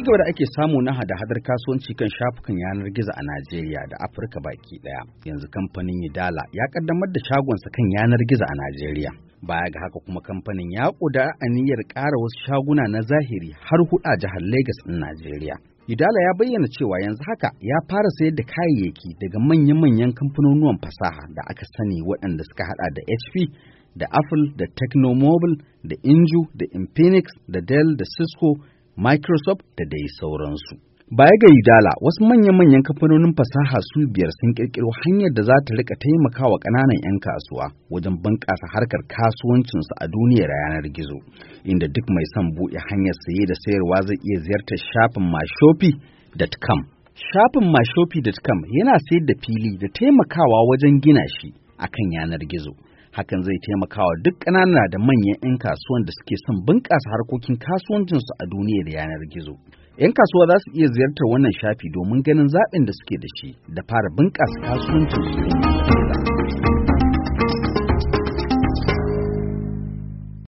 cigaba da ake samu na hada-hadar kasuwanci kan shafukan yanar gizo a Najeriya da Afirka baki daya. Yanzu kamfanin Yidala ya kaddamar da shagonsa kan yanar gizo a Najeriya. Baya ga haka kuma kamfanin ya kuda aniyar ƙara wasu shaguna na zahiri har hudu a jihar Legas ɗin Najeriya. Idala ya bayyana cewa yanzu haka ya fara sayar da kayayyaki daga manya-manyan kamfanonuwan fasaha da aka sani waɗanda suka hada da HP da Apple da Technomobile da Inju da Infinix da Dell da Cisco Microsoft da dai sauransu. Baya ga Idala, wasu manya-manyan kamfanonin fasaha su biyar sun ƙirƙiro hanyar da za ta rika taimakawa ƙananan 'yan kasuwa wajen bunƙasa harkar kasuwancinsu a duniyar yanar gizo, inda duk mai son buɗe hanyar saye da sayarwa zai iya ziyartar shafin myshopi.com. Shafin myshopi.com yana sayar da fili da taimakawa wajen gina shi akan yanar gizo. hakan zai taimakawa duk ƙanana da manyan 'yan kasuwan da suke son bunƙasa harkokin kasuwancinsu a duniya da yanar gizo 'yan kasuwa za su iya ziyartar wannan shafi domin ganin zaɓin da suke da shi da fara bunƙasa kasuwancinsu